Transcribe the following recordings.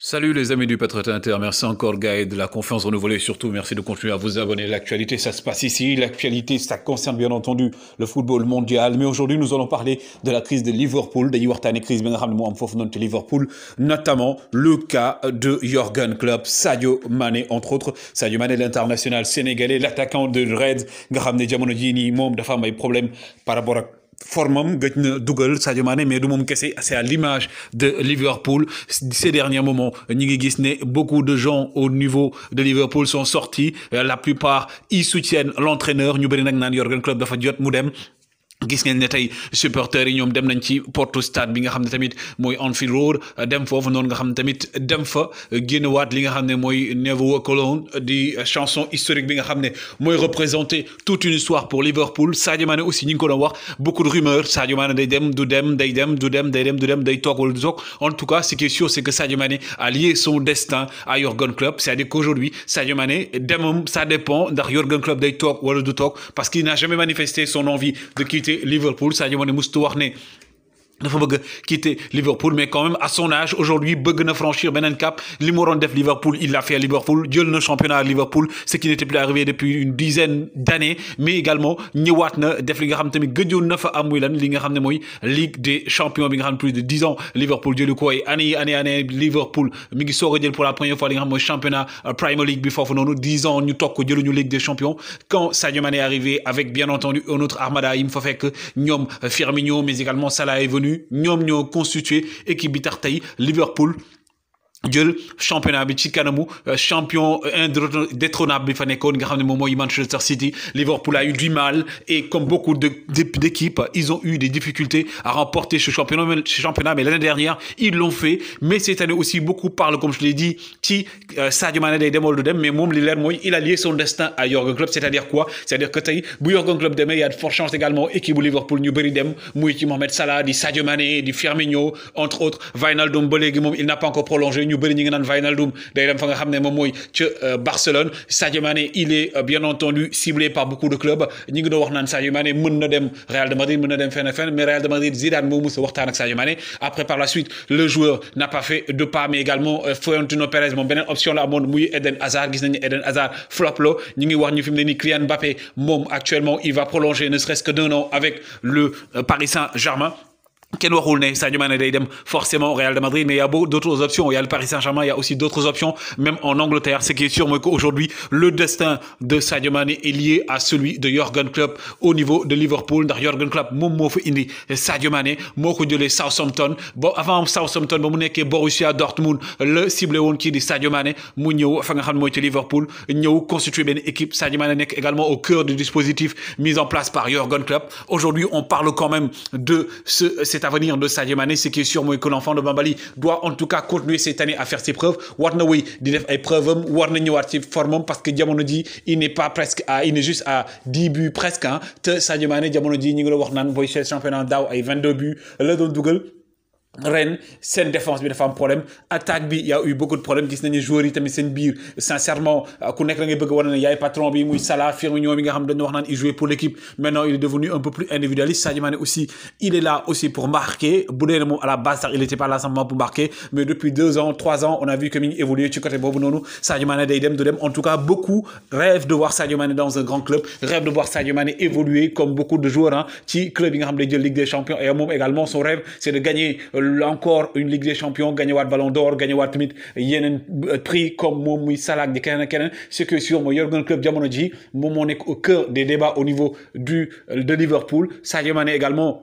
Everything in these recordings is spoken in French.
Salut les amis du Patriote Inter, merci encore Guy de la confiance renouvelée, surtout merci de continuer à vous abonner. L'actualité, ça se passe ici, l'actualité, ça concerne bien entendu le football mondial, mais aujourd'hui nous allons parler de la crise de Liverpool, de une crise de Liverpool, notamment le cas de Jorgen Klopp, Sadio Mane entre autres, Sadio Mane l'international sénégalais, l'attaquant de Reds, Graham Diamonodini, membre de a et problèmes par rapport à formam na mais du c'est à l'image de Liverpool ces derniers moments beaucoup de gens au niveau de Liverpool sont sortis euh, la plupart ils soutiennent l'entraîneur ñu bëri nag naan Jürgen Klopp dafa gis ngeen ne tey supporteurs yi ñoom dem nañ ci porte stade bi nga xam ne tamit mooy Anfield Road dem foofu noonu nga xam ne tamit dem fa génnewaat li nga xam ne mooy Never Walk di chanson historique bi nga xam ne mooy représenter toute une histoire pour Liverpool Sadio Mané aussi ñi ngi ko doon wax beaucoup de rumeurs Sadio Mané day dem du dem day dem du dem day dem du dem day toog wala du toog en tout cas ce qui est sûr c'est que Sadio Mané a lié son destin à Jürgen Klopp c'est-à-dire qu'aujourd'hui Sadio Mané demam ça dépend ndax Jürgen Klopp day toog wala du toog parce qu'il n'a jamais manifesté son envie de quitter jiite Liverpool Sadio Mané musutu wax ne dafa bëgg quitter Liverpool mais quand même à son âge aujourd'hui bëgg na franchir benen cap li mu def Liverpool il l'a fait à Liverpool jël na championnat à Liverpool ce qui n'était plus arrivé depuis une dizaine d'années mais également ñëwaat na def li nga xam tamit gëjoon na fa am li nga Ligue des champions bi nga xam plus de 10 ans Liverpool jëlu ko ay année année année Liverpool mi ngi soog a pour la première fois li nga xam championnat euh, Premier League bi foofu noonu 10 ans ñu toog ko jëluñu Ligue des champions quand Sadio Mané est arrivé avec bien entendu un autre armada yi mu fa fekk ñoom euh, Firmino mais également Salah est venu connu constitué équipe bi Liverpool championnat bi ci euh, champion euh, indétrônable bi fa nga Manchester City Liverpool a eu du mal et comme beaucoup d'équipes ils ont eu des difficultés à remporter ce championnat ce championnat mais l'année dernière ils l'ont fait mais cette année aussi beaucoup parlent comme je l'ai dit ci euh, Sadio Mané day demal dem mais moom li il a lié son destin à Jürgen Klopp c'est-à-dire quoi c'est-à-dire que tay bu Jürgen Klopp il y a de fortes chances également équipe de Liverpool ñu bëri dem muy ci Mohamed Salah di Sadio Mane du Firmino entre autres Wijnaldum ba il n'a pas encore prolongé ñu bëri ñu ngi naan Wijnaldum day dem fa nga xam ne moom mooy ca euh, Barcelone Sadio Mane il est euh, bien entendu ciblé par beaucoup de clubs ñi ngi doon wax naan Sadio Mane mën na dem Real de Madrid mën na dem fenn fenn mais Real de Madrid Zidane moo mus a waxtaan ak Sadio Mane après par la suite le joueur n'a pas fait de pas mais également euh, Florentino Perez moom beneen option la amoon muy Eden Hazard gis nañu Eden Hazard flop lo ñu ngi wax ñu fi mu ne Kylian Mbappé moom actuellement il va prolonger ne serait-ce que d'un an avec le Paris Saint-Germain Ken que Sadio Mane Daydem, forcément au Real Madrid, mais il y a beaucoup d'autres options. Il y a le Paris Saint-Germain, il y a aussi d'autres options, même en Angleterre. Ce qui est sûr, qu'aujourd'hui, le destin de Sadio Mane est lié à celui de Jurgen Klopp au niveau de Liverpool. Ndax Jurgen Klopp moom moo Sadio Mane beaucoup de les Southampton avant Southampton ba mu Borussia Dortmund le cible woon qui di Sadio Mane mu ñëw fa nga xam y ci Liverpool ñëw constituer une équipe Sadio Mane également au cœur du dispositif mis en place par Jurgen Klopp. Aujourd'hui, on parle quand même de ce à venir de Sadio Mané c'est qui est sûr que l'enfant de Bambali doit en tout cas continuer cette année à faire ses preuves What na we? di def ay preuves am war parce que jamono il n'est pas presque à il est juste à 10 buts presque hein. te Sadio Mané jamono ji ñu ngi la wax championnat ay 22 buts le don Google. Rennes saine défense bi dafa am problème attaque bi y' a eu beaucoup de problèmes Disney nañu tamit sincèrement euh, ku nek ngay bëgg a patron bi muy mi nga xam dañu wax il jouait pour l'équipe... maintenant il est devenu un peu plus individualiste Sadio Mané aussi il est là aussi pour marquer boudé mo à la base il n'était pas là simplement pour marquer mais depuis 2 ans 3 ans on a vu que il évolue... côté Sadio day dem en tout cas beaucoup rêvent de voir Sadio Mané dans un grand club Rêvent de voir Sadio Mané évoluer comme beaucoup de joueurs Qui... Hein, ci club yi nga Ligue des Champions et moment également son rêve c'est de gagner. le encore une Ligue des Champions watt Ballon d'Or gagner tamit euh, prix comme Moumoui Salak de di keneen ce que sur sûr Jurgen club, Klopp jamono au cœur des débats au niveau du euh, de Liverpool Sadio Mané également.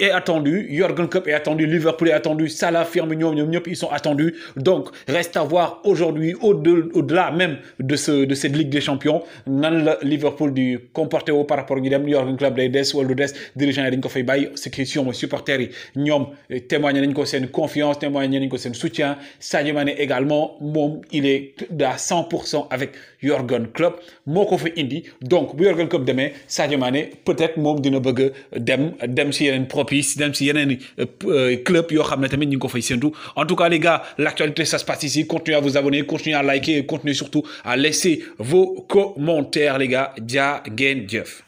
est attendu, Jurgen Klopp est attendu, Liverpool est attendu, Salah, Firmino, ils sont attendus. Donc, reste à voir aujourd'hui, au-delà même de, cette Ligue des Champions, nan Liverpool du comporté au par rapport à Jurgen Klopp day des Dès, des dirigeant yi dañ ko fay c'est Christian, mooy supporters Nyom, ñoom à confiance témoigne à ko soutien Sadio Mané également il est à 100% avec Jurgen Klopp Mon fa donc bu Jurgen Klopp demain, Sadio Mané peut-être même dina bëgg dem dem si propice même si y euh, euh, club yo club tamit ñing ko fay en tout cas les gars l'actualité ça se passe ici continuez à vous abonner continuez à liker continuez surtout à laisser vos commentaires les gars Dia gen jeff